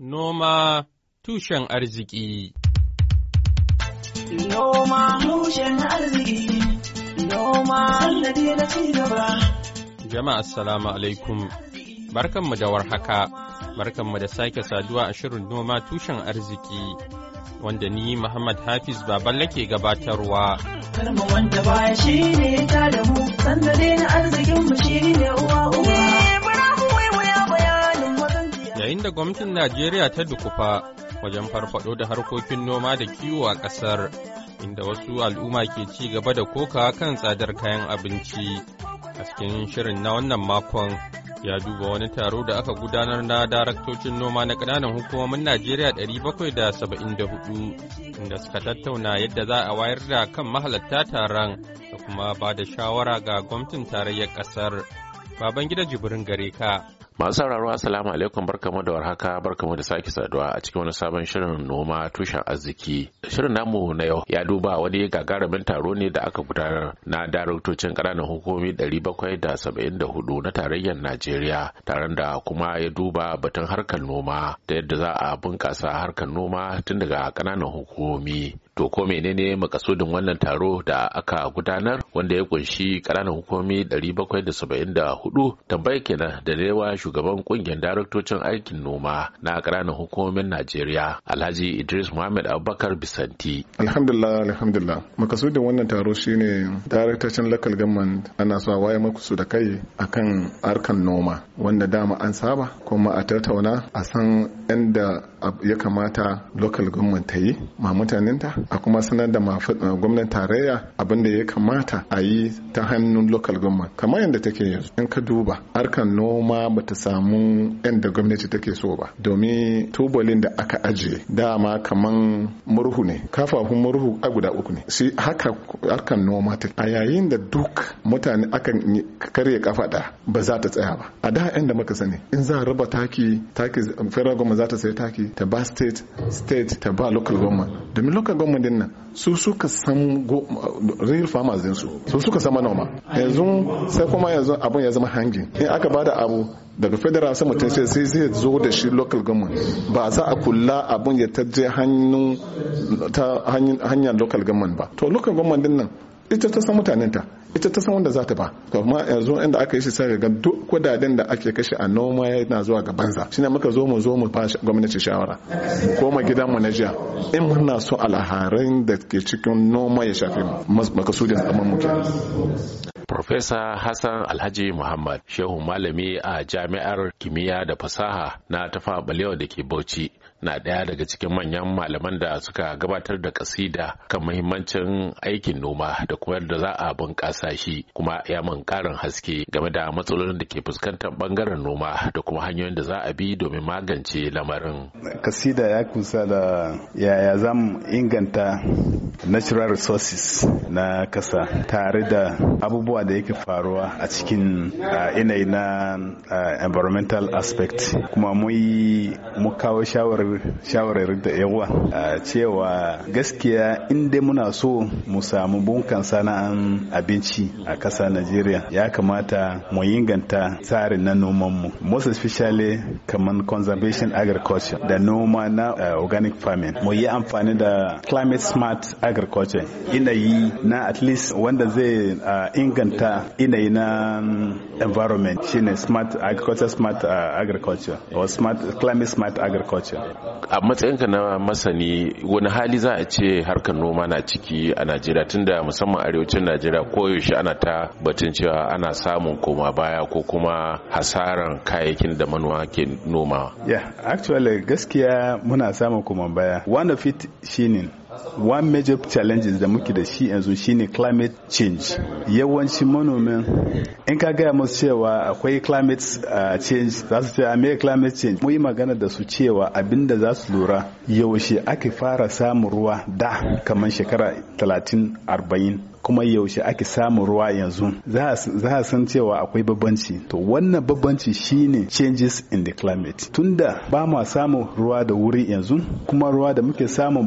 Noma tushen arziki Noma tushen arziki Noma sannadi na cigaba Jama'a assalamu alaikum barkanmu da warhaka barkanmu da sake saduwa a shirin noma tushen arziki wanda ni Muhammad Hafiz baban lake gabatarwa. Karma wanda baya shi ne ta da mu, sandare na arzikin mu shi ne uwa uwa. yayin da gwamnatin Najeriya ta dukufa wajen farfado da harkokin noma da kiwo a ƙasar, inda wasu al'umma ke ci gaba da koka kan tsadar kayan abinci. A cikin shirin na wannan makon ya duba wani taro da aka gudanar na daraktocin noma na ƙananan hukumomin Najeriya 774 inda suka tattauna yadda za a wayar da kan mahalatta taron da kuma ba da shawara ga gwamnatin tarayyar ƙasar. Babangida Jibrin gare ka. Masu sauraro Assalamu alaikum barkamu da warhaka barkamu da sake saduwa a cikin wani sabon shirin noma tushen arziki. Shirin namu na yau ya duba wani gagarumin taro ne da aka gudanar na daraktocin ƙananan hukumomi 774 na tarayyar Najeriya taron da kuma ya duba batun harkar noma da yadda za a bunƙasa harkar noma tun daga ƙananan hukumomi. To ko menene makasudin wannan taro da aka gudanar wanda ya kunshi ƙananan hukumomi 774 tambayar kenan da rewa shugaban kungiyar daraktocin aikin noma na ƙananan hukumomin Najeriya Alhaji Idris Muhammad Abubakar Bisanti. Alhamdulillah alhamdulillah makasudin wannan taro shine daraktocin local government ana so waye su da kai akan harkan noma wanda dama an saba kuma a tattauna a san yadda ya kamata local government ta yi ma mutanenta a kuma sanar da eh, gwamnan tarayya abinda ya kamata a yi ta hannun local government kamar yadda take yanzu in ka duba harkar noma ba ta samu yadda gwamnati take so ba domin tubalin da aka ajiye dama kaman murhu ne kafafun murhu a guda uku ne shi haka harkar noma ta a yayin da duk mutane akan karya kafa da ba za ta tsaya ba a da yadda muka sani in za a raba taki taki goma. za ta sayi taki ta ba state state ta ba local government domin local government din nan su suka san real farmers din su su suka san manoma yanzu sai kuma yanzu abun ya zama hangin in aka bada abu daga federal sama ta sai sai zai zo da shi local government ba za a kula abun ya taje hanyar local government ba to local government din nan ita ta san mutanenta ita ta san wanda za ta ba to amma yanzu inda aka yi shi sai ga duk kudaden da ake kashe a noma yana zuwa ga banza shine muka zo mu zo mu ba gwamnati shawara ko ma gidan mu na jiya in muna so alharin da ke cikin noma ya shafe mu makasudin zaman mu Professor Hassan Alhaji Muhammad, shehu malami a Jami'ar Kimiyya da Fasaha na Tafa Balewa da ke Bauchi, na ɗaya daga cikin manyan malaman da suka gabatar da kasida kan muhimmancin aikin noma da kuma yadda za a bunƙasa shi kuma ya man ƙarin haske game da matsalolin da ke fuskantar ɓangaren noma da kuma hanyoyin da za a bi domin magance lamarin. Kasida ya kusa da yaya za mu inganta natural resources na ƙasa tare da abubuwa da yake faruwa a cikin yanayi na environmental aspect kuma mu kawo shawarar shawararin da yawa a cewa gaskiya in dai muna so mu samu bunkan sana'an abinci a ƙasa Najeriya ya kamata mu inganta tsarin na noman mu most especially kaman conservation agriculture da noma na uh, organic farming mu yi amfani da climate smart agriculture inayi na at least wanda zai uh, inganta inayi na mm, environment shine smart agriculture smart uh, agriculture or smart climate smart agriculture a matsayinka na masani wani hali za a ce harkar noma na ciki a najeriya tunda musamman arewacin najeriya koyaushe ana ta batun cewa ana samun koma baya ko kuma hasaran kayayyakin da manoma ke noma yeah actually gaskiya muna samun koma baya one of it shine one major challenges da muke da shi yanzu shine climate change yawanci manomin in ka gaya musu cewa akwai climate uh, change za su ce a ah, me climate change mu yi magana da su cewa abinda za su lura yaushe ake fara samun ruwa da kamar shekara 30 40 kuma yaushe ake samun ruwa yanzu za a san cewa akwai babanci to wannan babbanci shine changes in the climate tunda ba mu samun ruwa da wuri yanzu kuma ruwa da muke samu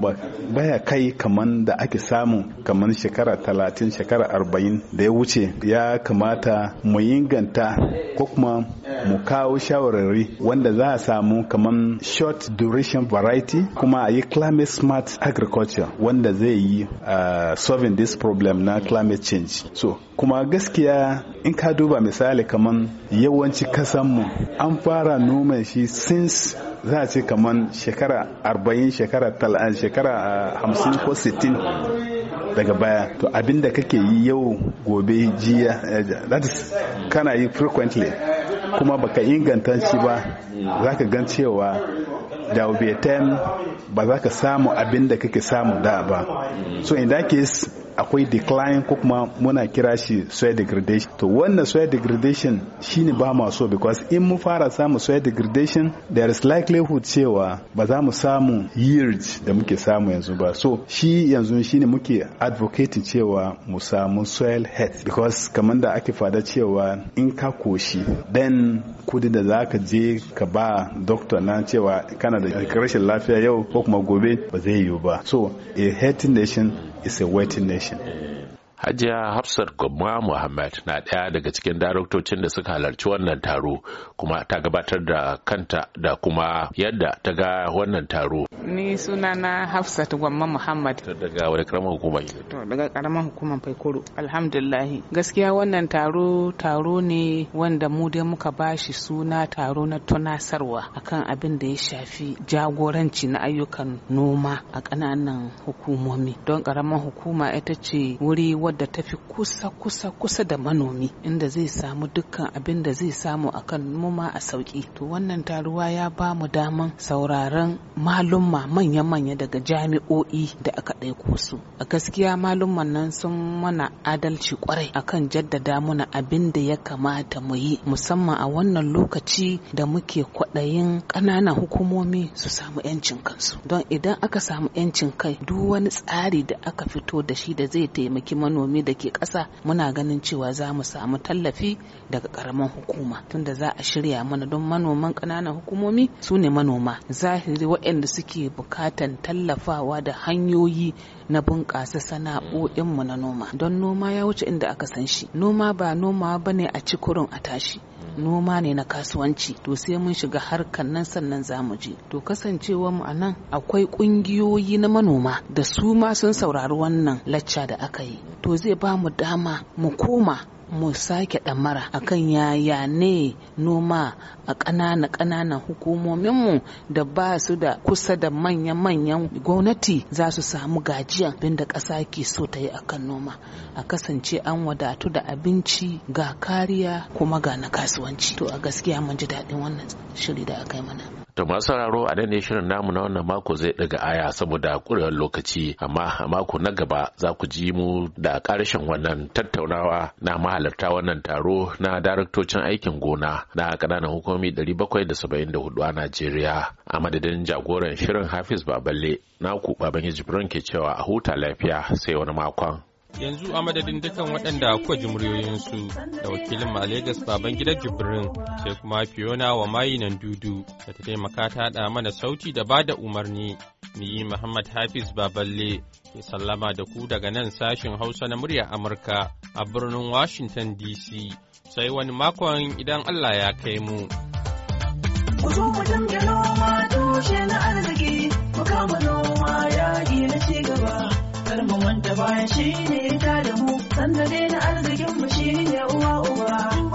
baya kai kaman da ake samu kaman shekara talatin shekara arba'in da ya wuce ya kamata mu inganta ko kuma mu kawo shawarari wanda za a samu kaman short duration variety kuma a yi climate smart agriculture wanda zai yi uh, solving this problem na na climate change so kuma gaskiya in ka duba misali kaman yawanci kasanmu an fara noma shi since za a ce kaman shekara 40 shekara 30 eh, shekara 50 eh, ko 60 daga baya to abin da kake yi yau gobe jiya eh, that is kana yi frequently kuma baka inganta shi ba za ka gan cewa da time ba za ka samu abin da kake samu da ba so in that case akwai decline ko kuma muna kira shi soil degradation to wannan soil degradation shine ba ma so because in mu fara samu soil degradation there is likelihood cewa ba za mu samu yield da muke samu yanzu ba so shi yanzu shine muke advocating cewa mu samu soil health because kamar da ake fada cewa in ka koshi then kudi da za ka je ka ba doctor na cewa kana da rashin lafiya yau ko kuma gobe ba zai yiwu ba so a healthy nation is a waiting nation Hajiya Hafsat Gwamma Muhammad na ɗaya daga cikin daraktocin da suka halarci wannan taro kuma ta gabatar da kanta da kuma yadda ta ga wannan taro. ni suna na hafsat gwamma muhammad daga wani karamar hukuma to daga karamar hukumar faikoro alhamdulillahi gaskiya wannan taro taro ne wanda mu dai muka bashi suna taro na tunasarwa akan abin da ya shafi jagoranci na ayyukan noma a ƙananan hukumomi don karamar hukuma ita ce wuri wadda ta fi kusa kusa kusa da manomi inda zai samu dukkan abin da zai samu akan noma a sauki to wannan taruwa ya ba mu daman sauraron malum al'umma manya-manya daga jami'o'i da aka ɗaiko su a gaskiya malumman nan sun mana adalci kwarai akan jaddada muna abin da ya kamata mu yi musamman a wannan lokaci da muke kwaɗayin ƙananan hukumomi su samu 'yancin kansu don idan aka samu 'yancin kai duk wani tsari da aka fito da shi da zai taimaki manomi da ke ƙasa muna ganin cewa za mu samu tallafi daga ƙaramin hukuma tunda za a shirya mana don manoman ƙananan hukumomi su ne manoma zahiri waɗanda suke muke bukatan tallafawa da hanyoyi na bunƙasa sana'o'inmu na noma don noma ya wuce inda aka san shi noma ba noma ba ne a ci kurin a tashi noma ne na kasuwanci to sai mun shiga harkar nan sannan zamu je to kasancewa mu a nan akwai ƙungiyoyi na manoma da su ma sun saurari wannan lacca da aka yi to zai ba mu dama mu koma mu sake ɗamara akan yaya ne noma a ƙanana ƙananan hukumominmu da ba su da kusa da manya-manyan gwamnati za su samu gajiya Binda da ƙasa ke so ta yi akan noma a kasance an wadatu da abinci ga kariya kuma ga na kasuwanci to a gaskiya mun ji daɗin wannan shiri da aka yi mana To masu sauraro a nan ne shirin namu na wannan mako zai daga aya saboda kurewar lokaci amma a mako na gaba za ku ji mu da karshen wannan tattaunawa na mahalarta wannan taro na daraktocin aikin gona na kananan hukumomi 774 a Najeriya a madadin jagoran shirin Hafiz Baballe na ku Babangiji ke cewa a huta lafiya sai wani makon. yanzu a madadin dukan waɗanda kuwa ji muryoyinsu da wakilin a Legas baban gidan Jibrin sai kuma Fiona wa mayi nan dudu da ta taimaka ta haɗa mana sauti da ba da umarni. Ni Muhammad Hafiz Baballe ke sallama da ku daga nan sashin Hausa na murya Amurka a birnin Washington DC sai wani makon idan Allah ya kai mu. Ku zo mu na arziki, mu kama noma ya mu wanda shi ne ta da mu dai na arzikin mu shine uwa uwa.